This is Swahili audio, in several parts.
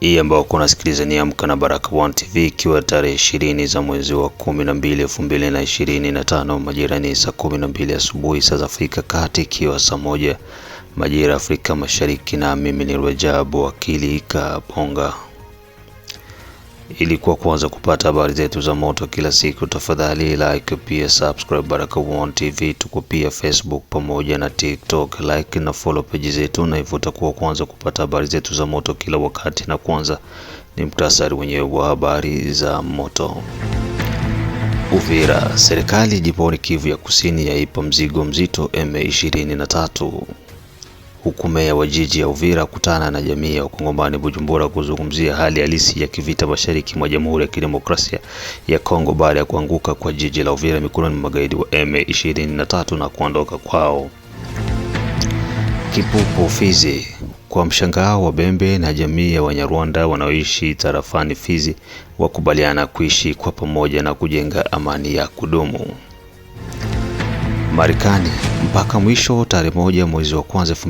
hii ambao kuna sikiliza ni Amka na Baraka1 TV ikiwa tarehe ishirini za mwezi wa kumi na mbili elfu mbili na ishirini na tano majira ni saa kumi na mbili asubuhi saa za Afrika Kati, ikiwa saa moja majira Afrika Mashariki, na mimi ni Rajabu Wakili Kabonga. Ili kwa kwanza kupata habari zetu za moto kila siku, tafadhali like pia subscribe baraka One TV. Tuko pia Facebook pamoja na TikTok. Like na follow page zetu na hivyo utakuwa kwanza kupata habari zetu za moto kila wakati, na kwanza ni muhtasari wenyewe wa habari za moto. Uvira, serikali jimboni Kivu ya Kusini yaipa mzigo mzito M23 huku meya wa jiji ya Uvira kutana na jamii ya Wakongomani Bujumbura kuzungumzia hali halisi ya kivita mashariki mwa Jamhuri ya Kidemokrasia ya Kongo baada ya kuanguka kwa jiji la Uvira mikononi mwa magaidi wa M23 na kuondoka kwao. Kipupu Fizi. Kwa mshangao wa Bembe na jamii ya Wanyarwanda wanaoishi tarafani Fizi wakubaliana kuishi kwa pamoja na kujenga amani ya kudumu. Marekani mpaka mwisho tarehe moja mwezi wa kwanza elfu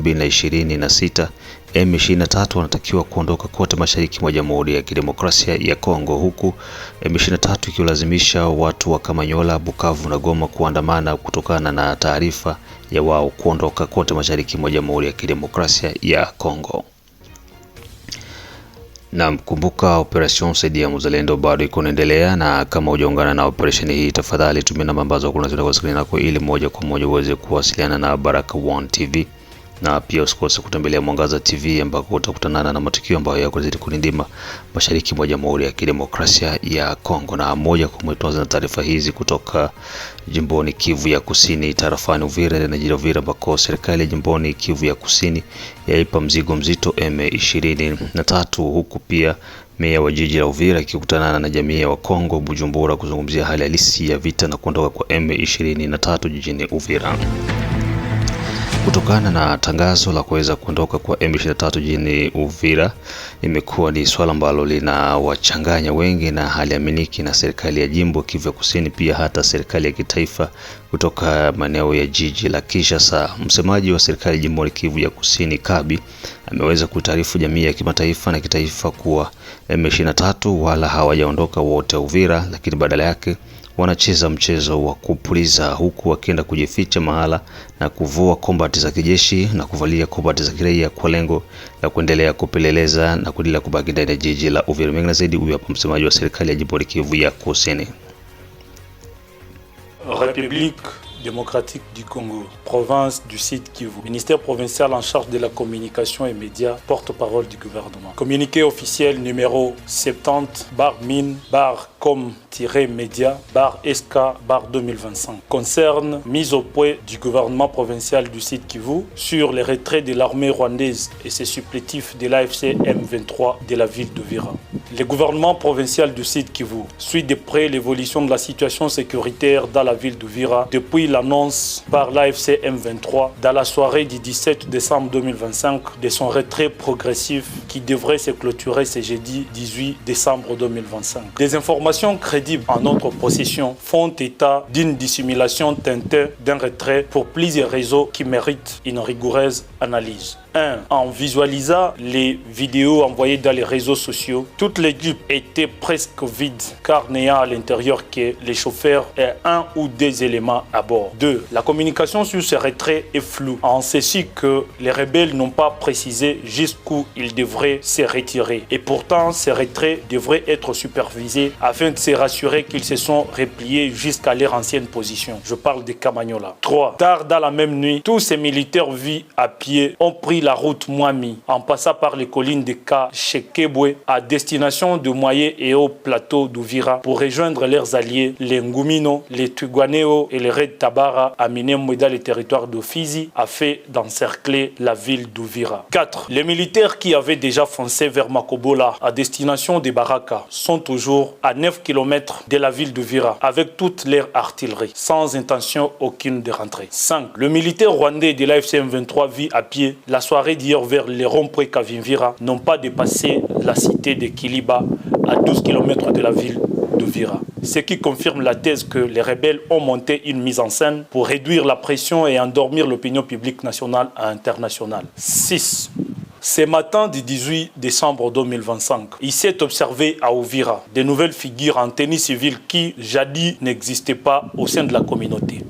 na sita M23 wanatakiwa kuondoka kote mashariki mwa Jamhuri ya Kidemokrasia ya Kongo, huku M23 ikiwalazimisha watu wa Kamanyola, Bukavu na Goma kuandamana kutokana na taarifa ya wao kuondoka kote mashariki mwa Jamhuri ya Kidemokrasia ya Kongo. Naam, kumbuka operesheni ya Mzalendo bado iko inaendelea, na kama hujaungana na operesheni hii, tafadhali tumia namba ambazo kuna zinazokuwa screen yako, ili moja kwa moja uweze kuwasiliana na Baraka1 TV na pia usikose kutembelea Mwangaza TV ambako utakutanana na matukio ambayo yako zidi kunindima mashariki mwa Jamhuri ya Kidemokrasia ya Kongo. Na moja kwa moja tuanze na taarifa hizi kutoka jimboni Kivu ya Kusini, tarafani Uvira na jira Uvira, ambako serikali ya jimboni Kivu ya Kusini yaipa mzigo mzito M23, huku pia meya wa jiji la Uvira akikutanana na jamii ya Wakongo Bujumbura kuzungumzia hali halisi ya vita na kuondoka kwa M23 jijini Uvira. Kutokana na tangazo la kuweza kuondoka kwa M23 jijini Uvira imekuwa ni swala ambalo linawachanganya wengi na haliaminiki na serikali ya jimbo Kivu Kusini, pia hata serikali ya kitaifa kutoka maeneo ya jiji la Kinshasa. Msemaji wa serikali jimbo la Kivu ya Kusini, Kabi, ameweza kutaarifu jamii ya kimataifa na kitaifa kuwa M23 wala hawajaondoka wote Uvira, lakini badala yake wanacheza mchezo wa kupuliza huku wakienda kujificha mahala na kuvua kombati za kijeshi na kuvalia kombati za kiraia kwa lengo ya kuendelea kupeleleza na kuendelea kubaki ndani ya jiji la Uvira. na zaidi, huyu hapa msemaji wa serikali ya jimbo la Kivu ya Kusini. Republique démocratique du Congo, province du site Kivu, ministère provincial en charge de la communication et médias, porte-parole du gouvernement. Communiqué officiel numéro 70 bar mine bar com-média bar SK bar 2025 concerne mise au point du gouvernement provincial du site Kivu sur les retraits de l'armée rwandaise et ses supplétifs de l'AFC M23 de la ville de Vira. Le gouvernement provincial du Sud Kivu suit de près l'évolution de la situation sécuritaire dans la ville d'Ouvira depuis l'annonce par l'AFC M23 dans la soirée du 17 décembre 2025 de son retrait progressif qui devrait se clôturer ce jeudi 18 décembre 2025. Des informations crédibles en notre possession font état d'une dissimulation teintée d'un retrait pour plusieurs réseaux qui méritent une rigoureuse analyse. 1 en visualisant les vidéos envoyées dans les réseaux sociaux, toutes les était étaient presque vides car n'ayant à l'intérieur que les chauffeurs et un ou deux éléments à bord. 2. La communication sur ces retraits est floue en ceci que les rebelles n'ont pas précisé jusqu'où ils devraient se retirer et pourtant ces retraits devraient être supervisés afin de se rassurer qu'ils se sont repliés jusqu'à leur ancienne position. Je parle des Camagnola. 3. Tard dans la même nuit, tous ces militaires vus à pied ont pris la route Mwami en passant par les collines de Kachekebwe à destination de moyen et au plateau d'Ouvira pour rejoindre leurs alliés, les Ngumino, les Tuguaneo et les Red Tabara à Minemwe dans le territoire de Fizi, afin d'encercler la ville d'Ouvira. 4. Les militaires qui avaient déjà foncé vers Makobola à destination des Baraka sont toujours à 9 km de la ville d'Ouvira avec toute leur artillerie, sans intention aucune de rentrer. 5. Le militaire rwandais de la FCM23 vit à pied la soirée d'hier vers les ronds près Kavimvira n'ont pas dépassé la cité de Kiliba à 12 km de la ville d'Ouvira. Ce qui confirme la thèse que les rebelles ont monté une mise en scène pour réduire la pression et endormir l'opinion publique nationale à internationale. 6. Ce matin du 18 décembre 2025, il s'est observé à Ovira des nouvelles figures en tennis civil qui, jadis, n'existaient pas au sein de la communauté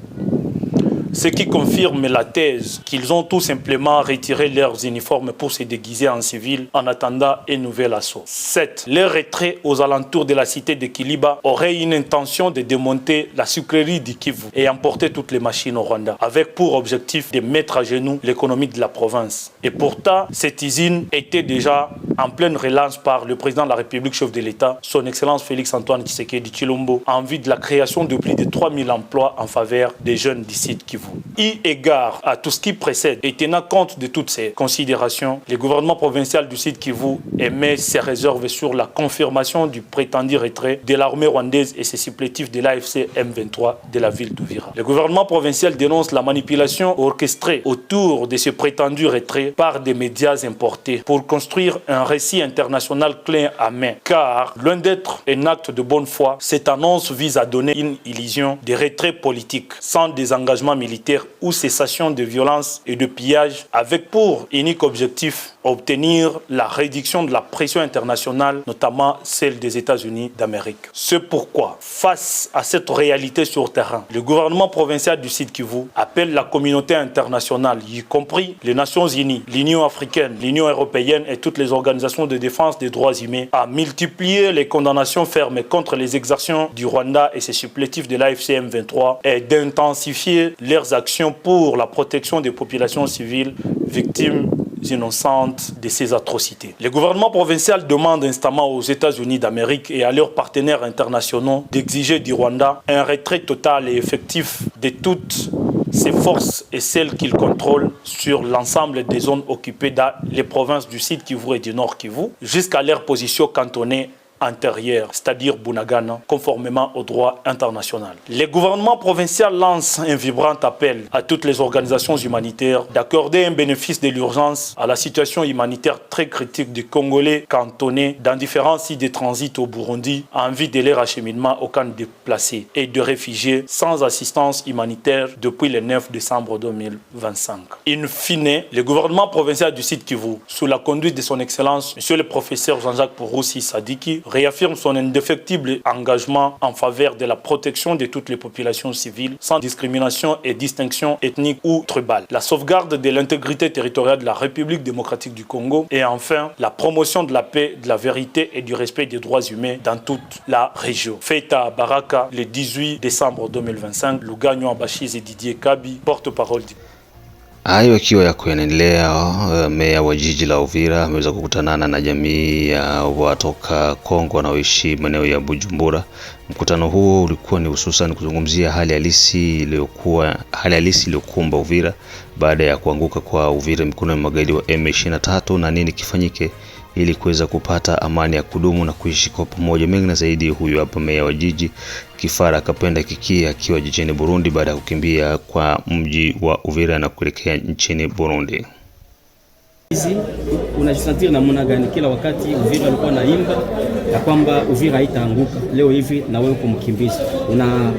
ce qui confirme la thèse qu'ils ont tout simplement retiré leurs uniformes pour se déguiser en civil en attendant un nouvel assaut. 7. Leur retrait aux alentours de la cité de Kiliba aurait une intention de démonter la sucrerie du Kivu et emporter toutes les machines au Rwanda, avec pour objectif de mettre à genoux l'économie de la province. Et pourtant, cette usine était déjà en pleine relance par le président de la République, chef de l'État, son Excellence Félix-Antoine Tshisekedi Chilombo, en vue de la création de plus de 3000 emplois en faveur des jeunes du Kivu. Y égard à tout ce qui précède et tenant compte de toutes ces considérations, le gouvernement provincial du sud Kivu émet ses réserves sur la confirmation du prétendu retrait de l'armée rwandaise et ses supplétifs de l'AFC M23 de la ville d'Ouvira. Le gouvernement provincial dénonce la manipulation orchestrée autour de ce prétendu retrait par des médias importés pour construire un récit international clé à main. Car loin d'être un acte de bonne foi, cette annonce vise à donner une illusion de retrait politique sans désengagement militaire militaire ou cessation de violence et de pillage avec pour unique objectif obtenir la réduction de la pression internationale, notamment celle des États-Unis d'Amérique. C'est pourquoi, face à cette réalité sur terrain, le gouvernement provincial du Sud Kivu appelle la communauté internationale, y compris les Nations Unies, l'Union africaine, l'Union européenne et toutes les organisations de défense des droits humains, à multiplier les condamnations fermes contre les exactions du Rwanda et ses supplétifs de lafcm 23 et d'intensifier les actions pour la protection des populations civiles victimes innocentes de ces atrocités. Le gouvernement provincial demande instamment aux États-Unis d'Amérique et à leurs partenaires internationaux d'exiger du Rwanda un retrait total et effectif de toutes ses forces et celles qu'il contrôle sur l'ensemble des zones occupées dans les provinces du Sud Kivu et du Nord Kivu, jusqu'à leur position cantonnée c'est-à-dire Bounagana, conformément au droit international. Le gouvernement provincial lance un vibrant appel à toutes les organisations humanitaires d'accorder un bénéfice de l'urgence à la situation humanitaire très critique des Congolais cantonnés dans différents sites de transit au Burundi en vue de leur acheminement au camps déplacés et de réfugiés sans assistance humanitaire depuis le 9 décembre 2025. In fine, le gouvernement provincial du site Kivu, sous la conduite de son Excellence, Monsieur le professeur Jean-Jacques Pouroussi Sadiki, réaffirme son indéfectible engagement en faveur de la protection de toutes les populations civiles sans discrimination et distinction ethnique ou tribale, la sauvegarde de l'intégrité territoriale de la République démocratique du Congo et enfin la promotion de la paix, de la vérité et du respect des droits humains dans toute la région. Fête à Baraka le 18 décembre 2025, Lugano Abachiz et Didier Kabi, porte-parole du... Hayo akiwa ya kuendelea, eh, meya wa jiji la Uvira ameweza kukutanana na jamii ya watoka Kongo wanaoishi maeneo ya Bujumbura. Mkutano huo ulikuwa ni hususan kuzungumzia hali halisi iliyokuwa hali halisi iliyokumba Uvira baada ya kuanguka kwa Uvira mikononi magaidi wa M23 na nini kifanyike ili kuweza kupata amani ya kudumu na kuishi kwa pamoja. Mengi na zaidi, huyu hapa meya wa jiji Kifara Kapenda Kiki akiwa jijini Burundi baada ya kukimbia kwa mji wa Uvira na kuelekea nchini Burundi. Hizi unajisantir namna gani? Kila wakati Uvira alikuwa naimba ya kwamba Uvira haitaanguka. Leo hivi na wewe mkimbizi una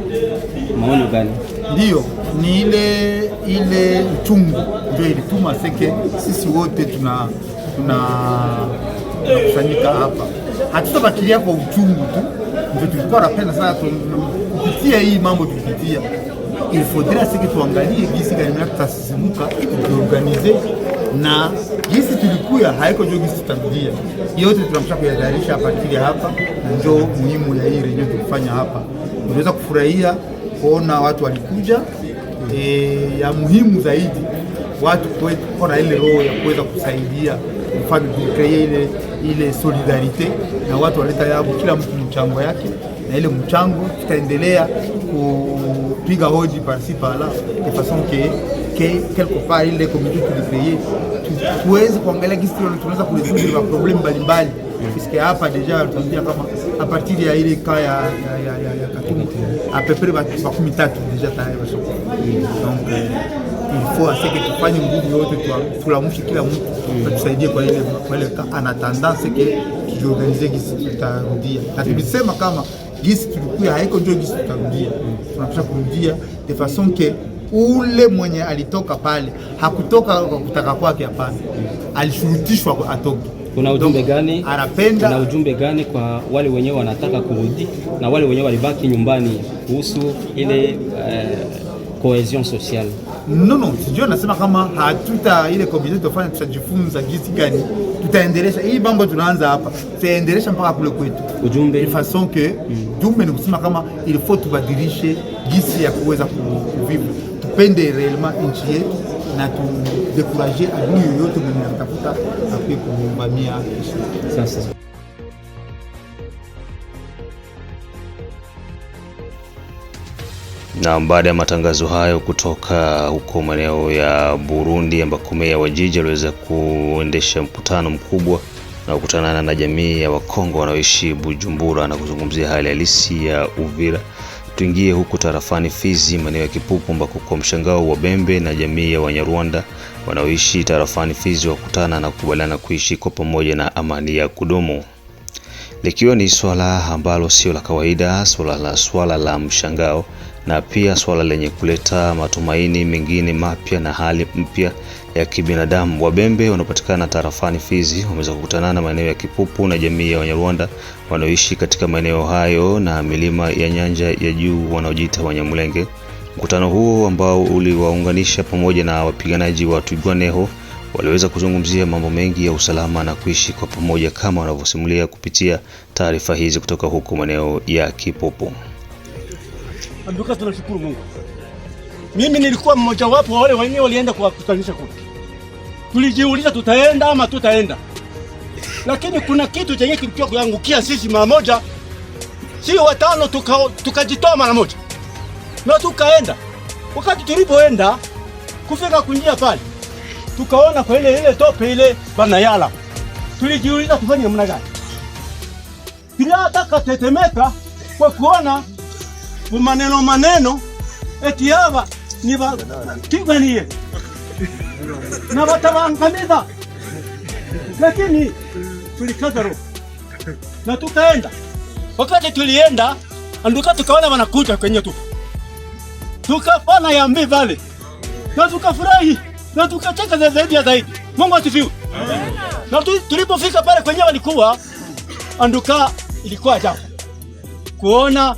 maono gani? Ndiyo, ni ile ile uchungu ndio ilituma seke sisi wote tuna tunakusanyika hapa, hatutabakilia kwa uchungu tu, ndio tulikuwa napenda sana kupitia hii mambo tukipitia ilifodira siki tuangalie gisi galimna tutasisimuka tuorganize na gisi tulikuya haiko jo gisi tutarudia yote tunamsha kuyadharisha hapa kile hapa njo muhimu ya hii renyo tukufanya hapa tunaweza kufurahia kuona watu walikuja e, ya muhimu zaidi watu kuona ile roho ya kuweza kusaidia ile ile solidarite na watu waleta yabu, kila mtu mchango yake, na ile mchango tutaendelea kupiga hoji parsi pala de façon que que quelque part ile comité tulikreye tuweze kuangalia gisi tunaweza kuresolve maproblemu mbalimbali piske hapa deja tunaambia kama a partir ya ile ka ya ya ya Katumu apepre makumi tatu deja tayari donc euh, Ilifoseke tufanye nguvu yote tulamshe kila mtu atusaidie mm. kwa ile kwa ile ana tendance ke tujiorganize gisi tutarudia, na mm. tulisema kama gisi tulikuwa haiko ndio gisi tutarudia, mm. tunapaswa kurudia de façon ke ule mwenye alitoka pale hakutoka kwa kutaka kwake, hapana, alishurutishwa atoke. Kuna ujumbe gani? Anapenda. Kuna ujumbe gani kwa wale wenyewe wanataka kurudi na wale wenyewe walibaki nyumbani kuhusu ile eh, cohesion sociale? No, no, sijui anasema ah, kama hatuta ile community tutafanya, tutajifunza jinsi gani tutaendelesha hii mambo. Tunaanza hapa, tutaendelesha mpaka kule kwetu. Ujumbe ni façon que ujumbe ni kusema kama il faut tubadilishe jinsi ya kuweza kuvivu, tupende realement nchi yetu na tudekuraje adui yoyote mwenye anatafuta akuye kuvamia. Sasa Na baada ya matangazo hayo kutoka huko maeneo ya Burundi, ambako meya wa jiji aliweza kuendesha mkutano mkubwa na kukutanana na jamii ya Wakongo wanaoishi Bujumbura na kuzungumzia hali halisi ya Uvira. Tuingie huko tarafani Fizi, maeneo ya Kipupu, ambako kwa mshangao wa Bembe na jamii ya Wanyarwanda wanaoishi tarafani Fizi wakutana na kukubaliana kuishi kwa pamoja na amani ya kudumu, likiwa ni swala ambalo sio la kawaida, swala la swala la mshangao na pia swala lenye kuleta matumaini mengine mapya na hali mpya ya kibinadamu. Wabembe wanaopatikana tarafani Fizi wameweza kukutana na maeneo ya Kipupu na jamii ya Wanyarwanda wanaoishi katika maeneo hayo na milima ya Nyanja ya Juu wanaojiita Wanyamulenge. Mkutano huo ambao uliwaunganisha pamoja na wapiganaji wa Twigwaneho waliweza kuzungumzia mambo mengi ya usalama na kuishi kwa pamoja kama wanavyosimulia kupitia taarifa hizi kutoka huko maeneo ya Kipupu. Andukasi, tunashukuru Mungu. Mimi nilikuwa mmoja wapo wale wenyewe walienda kuwakutanisha kule. Tulijiuliza tutaenda ama tutaenda, lakini kuna kitu chenye kilikuwa kuangukia sisi mara moja, sio watano, tukajitoa tuka mara moja na tukaenda. Wakati tulipoenda kufika kunjia pale, tukaona kwa ile ile tope ile banayala, tulijiuliza tufanye namna gani, bila katetemeka kwa kuona umaneno maneno eti yaba na nabatabangamiza, lakini tulikaza na tukaenda. Wakati tulienda anduka, tukaona wanakuja kwenye tu, tukafana yambi vale na tukafurahi na tukacheka zaidi ya zaidi. Mungu asifiwe. Na tulipofika pale kwenye walikuwa anduka, ilikuwa ajabu kuona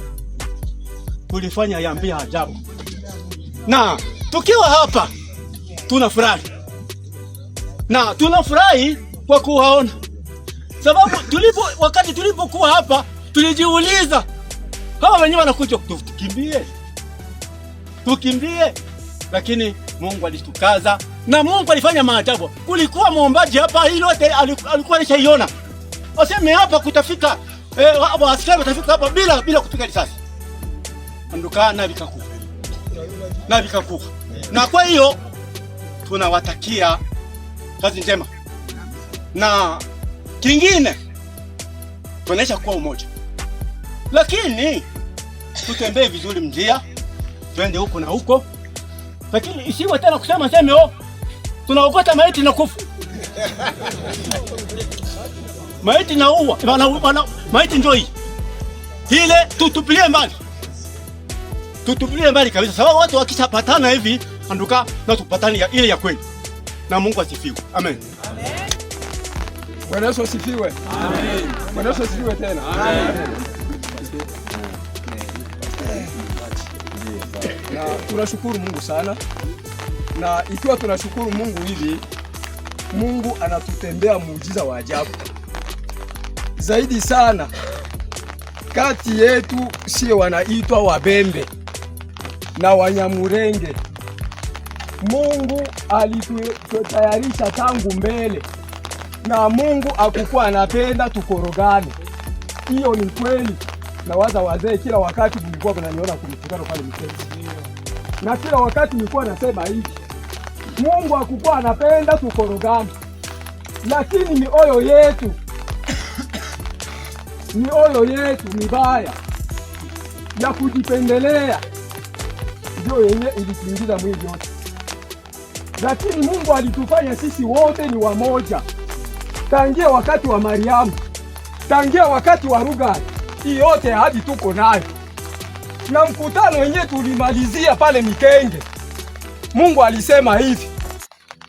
kulifanya yambia ajabu, na tukiwa hapa tunafurahi na tunafurahi kwa kuwaona, sababu tulipo, wakati tulipokuwa hapa tulijiuliza hawa wenyewe wanakuja tukimbie, tukimbie, lakini Mungu alitukaza na Mungu alifanya maajabu. Kulikuwa muombaji hapa, hilo lote alikuwa alishaiona. Waseme hapa kutafika, eh, waaskari watafika hapa bila bila kupiga risasi ondoka nabikakuha nabikakuha. Na kwa hiyo tunawatakia kazi njema, na kingine tunaisha kuwa umoja, lakini tutembee vizuri mjia, twende huko na huko, lakini isiwe tena kusema seme o oh, tunaogota maiti na kufu maiti na uwa maiti njoi hile tutupilie mbali tutupilie mbali kabisa, sababu watu wakishapatana hivi anduka na tupatane ya ile ya kweli. Na Mungu asifiwe, amen. Bwana Yesu asifiwe, amen. Bwana Yesu asifiwe tena, amen. Na tunashukuru Mungu sana, na ikiwa tunashukuru Mungu hivi, Mungu anatutendea muujiza wa ajabu zaidi sana kati yetu, sio wanaitwa wabembe na Wanyamurenge. Mungu alitutayarisha tangu mbele, na Mungu akukuwa anapenda tukorogane. Hiyo ni kweli. Nawaza wazee, kila wakati mlikuwa mnaniona kumtukana pale Mtesi, na kila wakati nilikuwa nasema hivi, Mungu akukuwa anapenda tukorogane, lakini mioyo yetu mioyo yetu mibaya ya kujipendelea ndio yenye ilituingiza mwili yote, lakini Mungu alitufanya sisi wote ni wamoja, tangia wakati wa Mariamu, tangia wakati wa Rugari, hii yote hadi tuko nayo na mkutano wenye tulimalizia pale Mikenge, Mungu alisema hivi: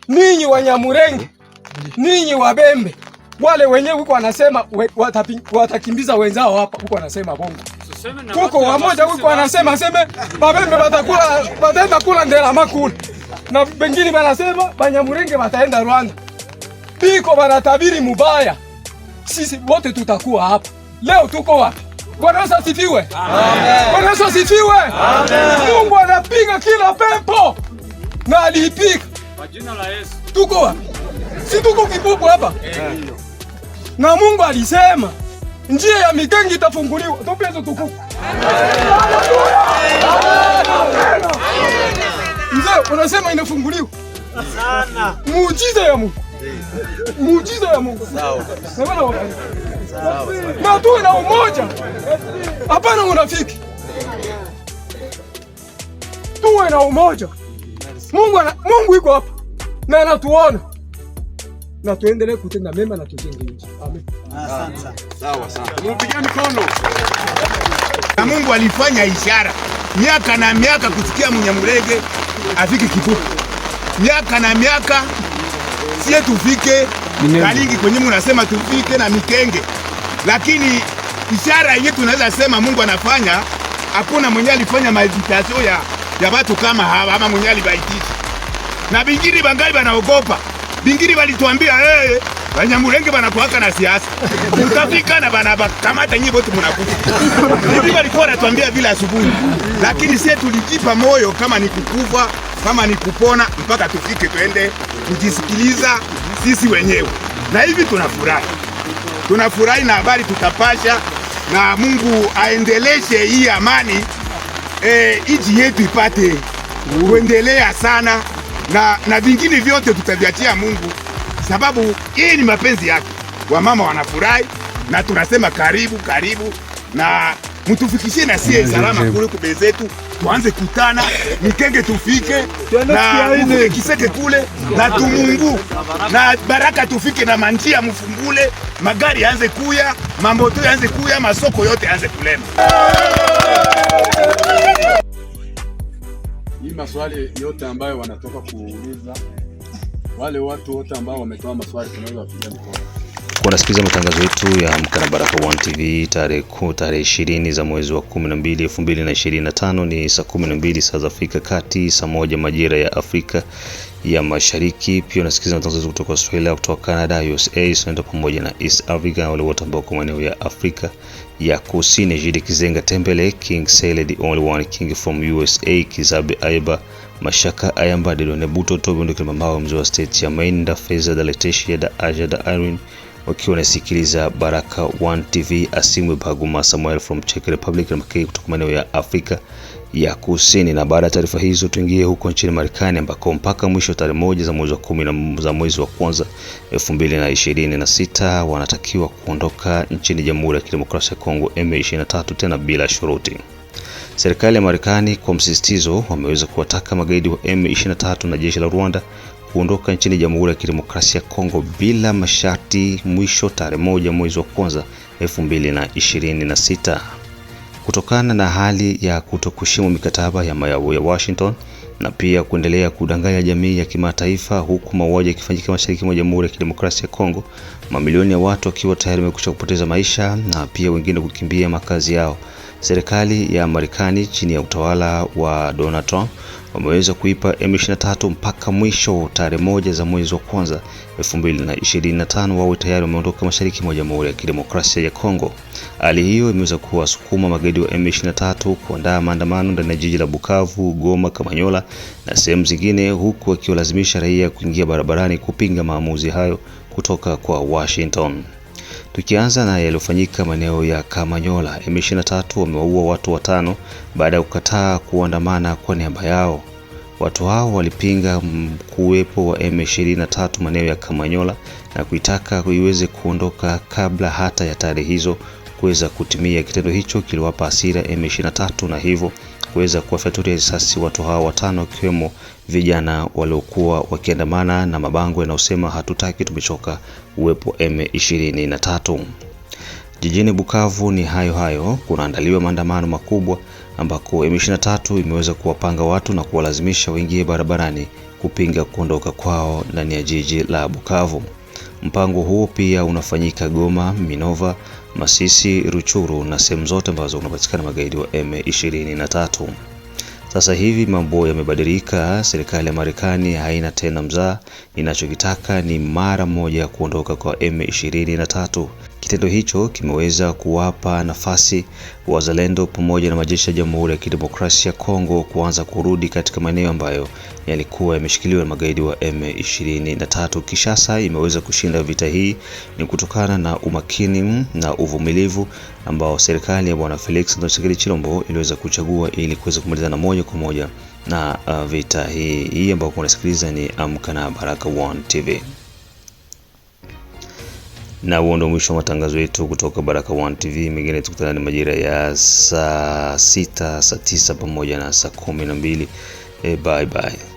ninyi Wanyamurenge, ninyi Wabembe, wale wenye huko anasema watakimbiza wenzao hapa, huko anasema bongo kuko wamoja huko anasema aseme babembe batakula bataenda kula ndela makula na bengine banasema banyamurenge bataenda Rwanda, biko banatabiri mubaya. Sisi wote tutakuwa hapa leo. Tuko wapi? Bwana Yesu asifiwe! Bwana Yesu asifiwe! Mungu anapiga kila pepo na aliipiga kwa jina la Yesu. Tuko wapi? Si tuko kikubwa hapa, na Mungu alisema njia ya mitengi itafunguliwa. Tupe hizo tukufu. Mzee, unasema inafunguliwa. Sana. Muujiza ya Mungu. Muujiza ya Mungu. Sawa. Na tuwe na umoja. Hapana unafiki. Tuwe na umoja. Mungu, Mungu iko hapa na anatuona na tuendelee kutenda mema na tujenge nchi. Amen. Ah, na Mungu alifanya ishara miaka na miaka kusikia Munyamulege afike Kipuku, miaka na miaka sie tufike Kalingi kwenye munasema tufike na Mikenge, lakini ishara yenye tunaweza sema Mungu anafanya, hakuna mwenye alifanya mazitasio ya ya watu kama hawa, ama mwenye alibaitisha na bingiri bangali banaogopa Bingiri walituambia eh, Banyamulenge banakuaka na siasa. Mtafika na bana bakamata nyi wote mnakufa. Bingiri walikuwa wanatuambia vile asubuhi. Lakini sisi tulijipa moyo kama ni kukufa, kama ni kupona mpaka tufike twende kujisikiliza sisi wenyewe. Na hivi tunafurahi. Tunafurahi na habari tutapasha na Mungu aendeleshe hii amani eh, iji yetu ipate kuendelea sana na, na vingine vyote tutaviachia Mungu, sababu hii ni mapenzi yake. Wamama wanafurahi na tunasema karibu karibu, na mtufikishie na sie salama kule kube zetu, tuanze kutana Mikenge tufike na Kiseke kule na tumungu na baraka tufike na manjia mfungule, magari yaanze kuya, mamboto yaanze kuya, masoko yote yaanze kulema hii maswali yote ambayo wanatoka kuuliza wale watu wote ambao wametoa maswali tunaweza kupiga mkono Wanasikiliza matangazo yetu ya Amka na Baraka One TV tarehe kuu tarehe 20 za mwezi wa 12 2025, ni saa 12 saa za Afrika Kati, saa moja majira ya Afrika ya Mashariki. Pia unasikiliza matangazo kutoka Australia, kutoka Canada, USA, tunaenda pamoja na East Africa, wale wote ambao kwa maeneo ya Afrika ya Kusini Jidi Kizenga Tembele, King Sele, the only one king from USA, Kizabe Aiba, Mashaka Ayamba, Dedone Buto, Tobi Ndukilima Mamawa Mzua State ya Main, da Feza, da ya da Aja, da Irene wakiwa wanasikiliza Baraka One TV. Asimwe Baguma Samuel from Czech Republic na mkei kutoka maeneo ya Afrika ya Kusini. Na baada ya taarifa hizo, tuingie huko nchini Marekani ambako mpaka mwisho tarehe moja za mwezi wa kumi na za mwezi wa kwanza 2026 wanatakiwa kuondoka nchini Jamhuri ya Kidemokrasia ya Kongo M23 tena bila shuruti. Serikali ya Marekani kwa msisitizo wameweza kuwataka magaidi wa M23 na jeshi la Rwanda kuondoka nchini Jamhuri ya Kidemokrasia ya Kongo bila masharti mwisho tarehe moja mwezi wa kwanza 2026 kutokana na hali ya kutokuheshimu mikataba ya mayavu ya Washington na pia kuendelea kudanganya jamii ya kimataifa huku mauaji yakifanyika mashariki mwa Jamhuri ya Kidemokrasia ya Kongo, mamilioni ya watu wakiwa tayari wamekwisha kupoteza maisha na pia wengine kukimbia makazi yao. Serikali ya Marekani chini ya utawala wa Donald Trump wameweza kuipa M23 mpaka mwisho tarehe moja za mwezi wa kwanza 2025 wawe tayari wameondoka mashariki mwa Jamhuri ya Kidemokrasia ya Kongo. Hali hiyo imeweza kuwasukuma magaidi wa M23 kuandaa maandamano ndani ya jiji la Bukavu, Goma, Kamanyola na sehemu zingine, huku wakiwalazimisha raia kuingia barabarani kupinga maamuzi hayo kutoka kwa Washington. Tukianza na yaliyofanyika maeneo ya Kamanyola, M23 wamewaua watu watano baada ya kukataa kuandamana kwa niaba yao. Watu hao walipinga kuwepo wa M23 maeneo ya Kamanyola na kuitaka iweze kuondoka kabla hata ya tarehe hizo kuweza kutimia. Kitendo hicho kiliwapa hasira M23 na hivyo kuweza kuwafyatulia risasi watu hao watano wakiwemo vijana waliokuwa wakiandamana na mabango yanayosema hatutaki tumechoka uwepo M23. Jijini Bukavu ni hayo hayo, kunaandaliwa maandamano makubwa ambako M23 imeweza kuwapanga watu na kuwalazimisha waingie barabarani kupinga kuondoka kwao ndani ya jiji la Bukavu. Mpango huo pia unafanyika Goma, Minova, Masisi, Ruchuru na sehemu zote ambazo unapatikana magaidi wa M23. Sasa hivi mambo yamebadilika. Serikali ya Marekani haina tena mzaa. Inachokitaka ni mara moja kuondoka kwa M23. Kitendo hicho kimeweza kuwapa nafasi wazalendo pamoja na majeshi ya Jamhuri ya Kidemokrasia ya Kongo kuanza kurudi katika maeneo ambayo yalikuwa yameshikiliwa na magaidi wa M23. Kishasa imeweza kushinda vita hii ni kutokana na umakini na uvumilivu ambao serikali ya Bwana Felix Tshisekedi Chilombo iliweza kuchagua ili kuweza kumalizana moja kwa moja na uh, vita hii. Hii ambayo unasikiliza ni Amka na Baraka One TV. Na huo ndio mwisho wa matangazo yetu kutoka Baraka One TV. Mengine tukutana na majira ya saa sita, saa tisa pamoja na saa kumi na mbili. E, bye bye.